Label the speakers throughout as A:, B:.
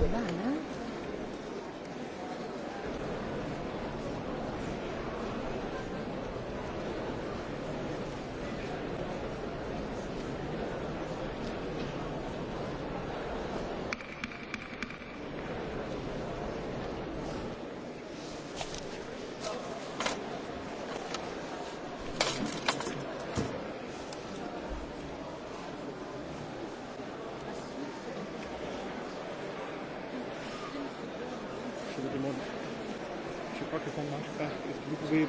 A: Bene jakby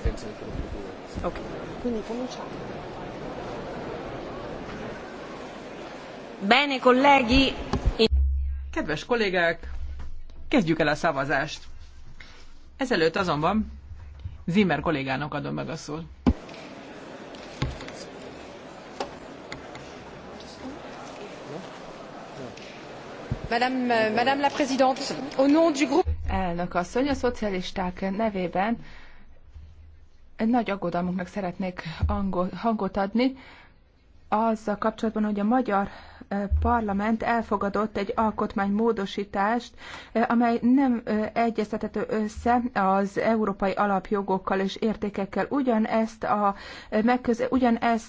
B: Presidenza del gruppo
A: 2. Ok, quindi cominciamo. Bene, colleghi.
B: Kedves kollégák, kezdjük el a szavazást. Ezelőtt azonban Zimmer kollégának adom meg a szót.
A: Madame, euh, Madame la Présidente, au nom du groupe... Elnök asszony, a szocialisták nevében nagy aggodalmunknak szeretnék hangot adni azzal kapcsolatban, hogy a magyar parlament elfogadott egy alkotmánymódosítást, amely nem egyeztethető össze az európai alapjogokkal és értékekkel. Ugyanezt a, megköze, ugyanezt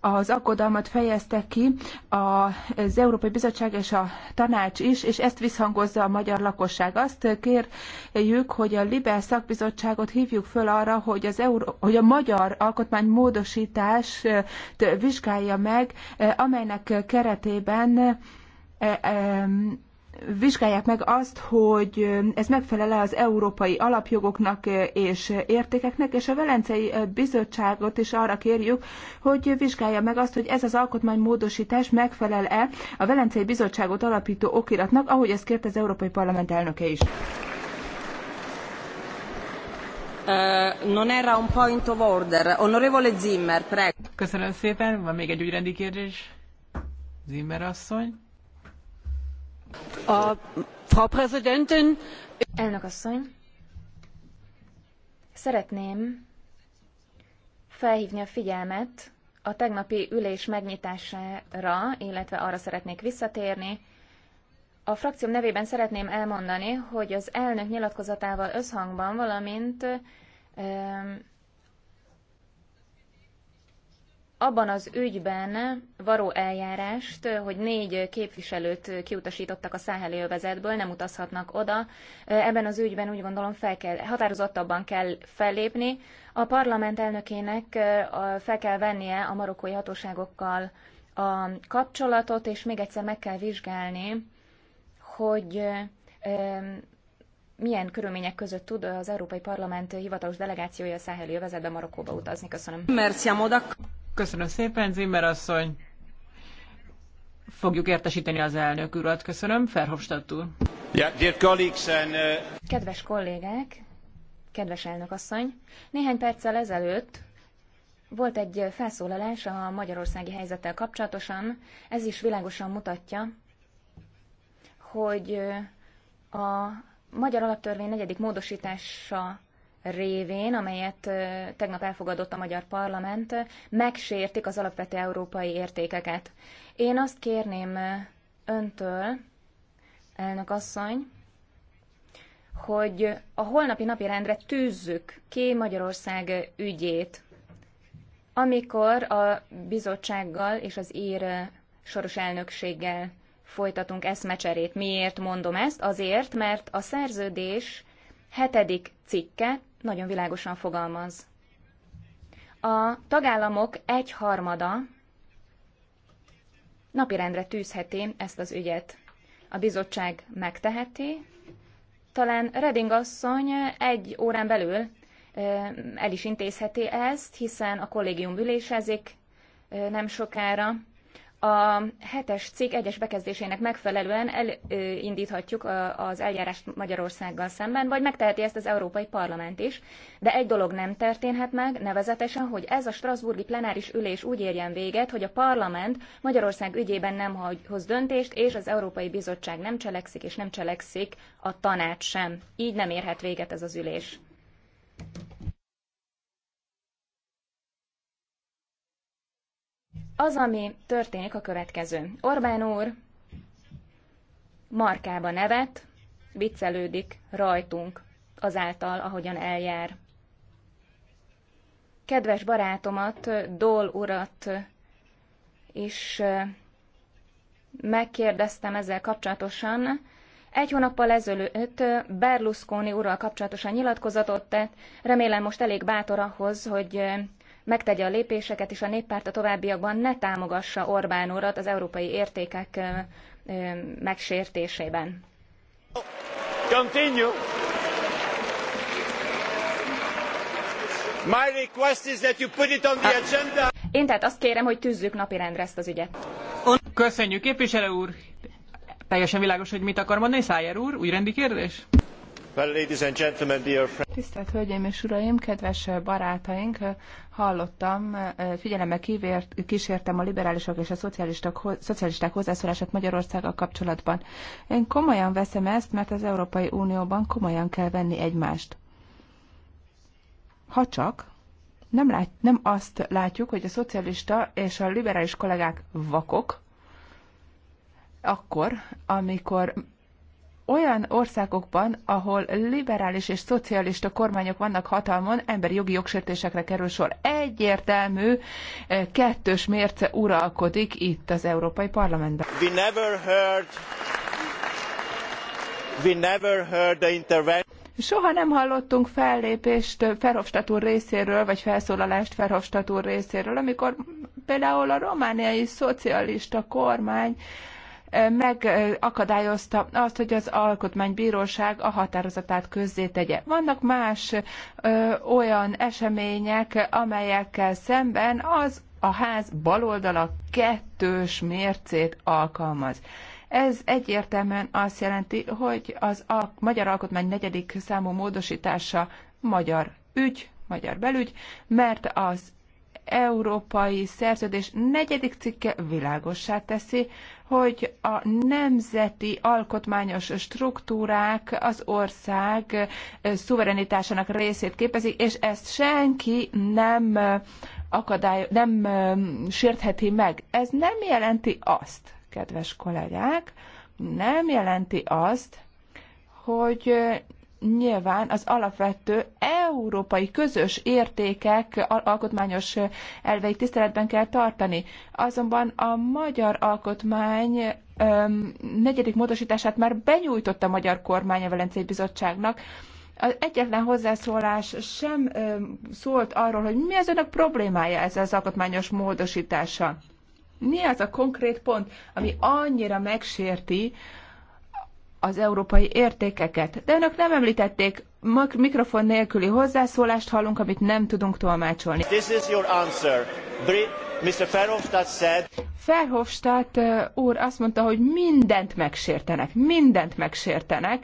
A: az aggodalmat fejezte ki az Európai Bizottság és a Tanács is, és ezt visszhangozza a magyar lakosság. Azt kérjük, hogy a Libe szakbizottságot hívjuk föl arra, hogy, az Euró- hogy a magyar alkotmány alkotmánymódosítást vizsgálja meg, amelynek keretében vizsgálják meg azt, hogy ez megfelele az európai alapjogoknak és értékeknek, és a Velencei Bizottságot is arra kérjük, hogy vizsgálja meg azt, hogy ez az alkotmánymódosítás megfelel-e a Velencei Bizottságot alapító okiratnak, ahogy ezt kért az Európai Parlament elnöke is. Uh, non era un point of order. Onorevole
B: Zimmer, prego. Köszönöm szépen. Van még egy ügyrendi kérdés. Zimmer asszony.
C: Äh, elnök asszony! Szeretném felhívni a figyelmet a tegnapi ülés megnyitására, illetve arra szeretnék visszatérni. A frakcióm nevében szeretném elmondani, hogy az elnök nyilatkozatával összhangban, valamint abban az ügyben varó eljárást, hogy négy képviselőt kiutasítottak a száheli övezetből, nem utazhatnak oda. Ebben az ügyben úgy gondolom fel kell, határozottabban kell fellépni. A parlament elnökének fel kell vennie a marokkói hatóságokkal a kapcsolatot, és még egyszer meg kell vizsgálni, hogy milyen körülmények között tud az Európai Parlament hivatalos delegációja a száheli övezetbe Marokkóba utazni. Köszönöm. Merci,
B: Köszönöm szépen, Zimmer asszony. Fogjuk értesíteni az elnök urat. Köszönöm, Ferhofstadt úr.
A: Uh,
C: kedves kollégák, kedves elnök asszony, néhány perccel ezelőtt volt egy felszólalás a magyarországi helyzettel kapcsolatosan. Ez is világosan mutatja, hogy uh, a magyar alaptörvény negyedik módosítása révén, amelyet tegnap elfogadott a magyar parlament, megsértik az alapvető európai értékeket. Én azt kérném öntől, elnök asszony, hogy a holnapi napi rendre tűzzük ki Magyarország ügyét. Amikor a bizottsággal és az ír soros elnökséggel folytatunk eszmecserét. Miért mondom ezt? Azért, mert a szerződés hetedik cikke nagyon világosan fogalmaz. A tagállamok egyharmada napirendre tűzheti ezt az ügyet. A bizottság megteheti, talán Reding asszony egy órán belül el is intézheti ezt, hiszen a kollégium ülésezik nem sokára, a hetes cikk egyes bekezdésének megfelelően elindíthatjuk az eljárást Magyarországgal szemben, vagy megteheti ezt az Európai Parlament is. De egy dolog nem történhet meg, nevezetesen, hogy ez a Strasburgi plenáris ülés úgy érjen véget, hogy a parlament Magyarország ügyében nem hoz döntést, és az Európai Bizottság nem cselekszik, és nem cselekszik a tanács sem. Így nem érhet véget ez az ülés. Az, ami történik a következő. Orbán úr markába nevet, viccelődik rajtunk azáltal, ahogyan eljár. Kedves barátomat, Dól urat is megkérdeztem ezzel kapcsolatosan. Egy hónappal ezelőtt Berlusconi úrral kapcsolatosan nyilatkozatot tett. Remélem most elég bátor ahhoz, hogy megtegye a lépéseket, és a néppárt a továbbiakban ne támogassa Orbán urat az európai értékek megsértésében.
A: Continue. My request is that you put it on the hát,
C: agenda. Én tehát azt kérem, hogy tűzzük napirendre ezt az ügyet.
B: Köszönjük, képviselő úr! Teljesen világos, hogy mit akar mondani, Szájer úr, rendi kérdés?
A: Tisztelt Hölgyeim és Uraim, kedves barátaink! Hallottam, figyelemmel kívért, kísértem a liberálisok és a szocialisták hozzászólását Magyarországgal kapcsolatban. Én komolyan veszem ezt, mert az Európai Unióban komolyan kell venni egymást. Ha csak nem, lát, nem azt látjuk, hogy a szocialista és a liberális kollégák vakok, akkor, amikor olyan országokban, ahol liberális és szocialista kormányok vannak hatalmon, emberi jogi jogsértésekre kerül sor. Egyértelmű eh, kettős mérce uralkodik itt az Európai Parlamentben.
B: We never heard... We never heard the intervention.
A: Soha nem hallottunk fellépést Ferhofstadt úr részéről, vagy felszólalást Ferhofstadt úr részéről, amikor például a romániai szocialista kormány megakadályozta azt, hogy az alkotmánybíróság a határozatát közzétegye. Vannak más ö, olyan események, amelyekkel szemben az a ház baloldala kettős mércét alkalmaz. Ez egyértelműen azt jelenti, hogy az a Magyar Alkotmány negyedik számú módosítása magyar ügy, magyar belügy, mert az európai szerződés negyedik cikke világossá teszi, hogy a nemzeti alkotmányos struktúrák az ország szuverenitásának részét képezik, és ezt senki nem akadály, nem sértheti meg. Ez nem jelenti azt, kedves kollégák, nem jelenti azt, hogy nyilván az alapvető európai közös értékek alkotmányos elveit tiszteletben kell tartani. Azonban a magyar alkotmány öm, negyedik módosítását már benyújtotta a magyar kormány a Velencei Bizottságnak. Az egyetlen hozzászólás sem öm, szólt arról, hogy mi az önök problémája ezzel az alkotmányos módosítással. Mi az a konkrét pont, ami annyira megsérti az európai értékeket. De önök nem említették, mikrofon nélküli hozzászólást hallunk, amit nem tudunk tolmácsolni. This
B: is your answer. Mr. Verhofstadt said...
A: Verhofstadt úr azt mondta, hogy mindent megsértenek, mindent megsértenek,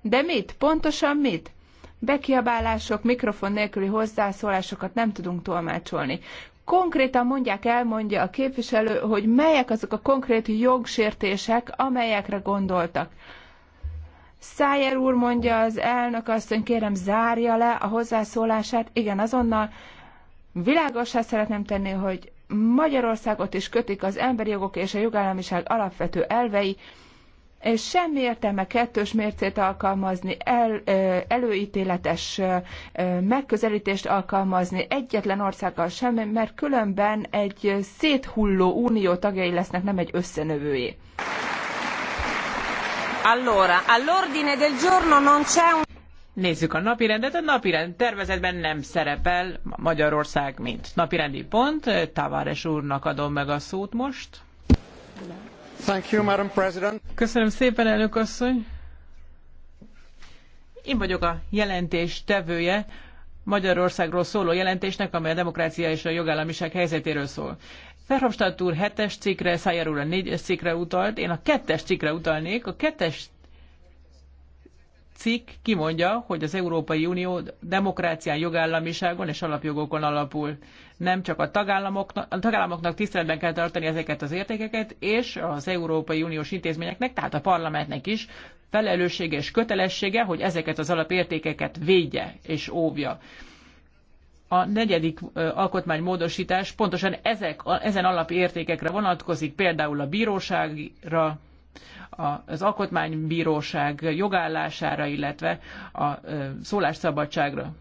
A: de mit? Pontosan mit? Bekiabálások, mikrofon nélküli hozzászólásokat nem tudunk tolmácsolni konkrétan mondják el, mondja a képviselő, hogy melyek azok a konkrét jogsértések, amelyekre gondoltak. Szájer úr mondja az elnök asszony, kérem zárja le a hozzászólását. Igen, azonnal világosá szeretném tenni, hogy Magyarországot is kötik az emberi jogok és a jogállamiság alapvető elvei, és semmi értelme kettős mércét alkalmazni, el, előítéletes megközelítést alkalmazni egyetlen országgal sem, mert különben egy széthulló unió tagjai lesznek, nem egy összenövőjé. Allora, all'ordine del giorno non c'è un... Nézzük a
B: napirendet. A napirend tervezetben nem szerepel Magyarország, mint napirendi pont. Tavares úrnak adom meg a szót most. Thank you, Madam President. Köszönöm szépen, elnök asszony. Én vagyok a jelentés tevője Magyarországról szóló jelentésnek, amely a demokrácia és a jogállamiság helyzetéről szól. Verhofstadt úr hetes es cikkre, Szájer úr a négyes cikkre utalt, én a kettes cikkre utalnék. A kettes cikk kimondja, hogy az Európai Unió demokrácián, jogállamiságon és alapjogokon alapul. Nem csak a tagállamoknak, a tagállamoknak tiszteletben kell tartani ezeket az értékeket, és az Európai Uniós intézményeknek, tehát a parlamentnek is felelőssége és kötelessége, hogy ezeket az alapértékeket védje és óvja a negyedik alkotmánymódosítás pontosan ezek, ezen alapi értékekre vonatkozik, például a bíróságra, az alkotmánybíróság jogállására, illetve a szólásszabadságra.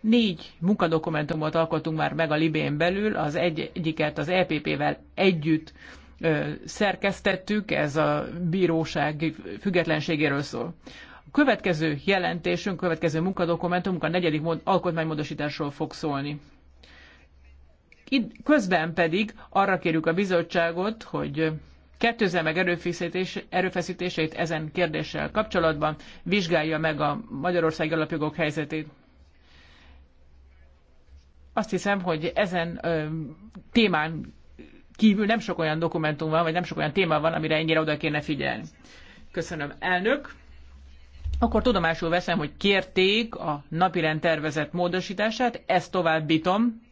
B: Négy munkadokumentumot alkotunk már meg a Libén belül, az egy, egyiket az EPP-vel együtt szerkesztettük, ez a bíróság függetlenségéről szól következő jelentésünk, következő munkadokumentumunk a negyedik alkotmánymódosításról fog szólni. Itt közben pedig arra kérjük a bizottságot, hogy kettőzze meg erőfeszítés, erőfeszítéseit ezen kérdéssel kapcsolatban, vizsgálja meg a Magyarország alapjogok helyzetét. Azt hiszem, hogy ezen ö, témán kívül nem sok olyan dokumentum van, vagy nem sok olyan téma van, amire ennyire oda kéne figyelni. Köszönöm, elnök! akkor tudomásul veszem, hogy kérték a napirend tervezett módosítását, ezt továbbítom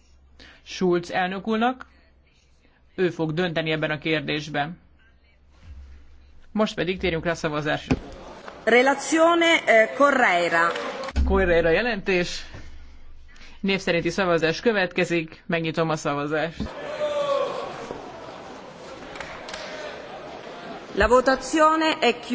B: Schulz elnök úrnak, ő fog dönteni ebben a kérdésben. Most pedig térjünk rá szavazásra.
A: Relazione eh, Correira.
B: Correira jelentés. Név szerinti szavazás következik, megnyitom a szavazást. La votazione è chiusa.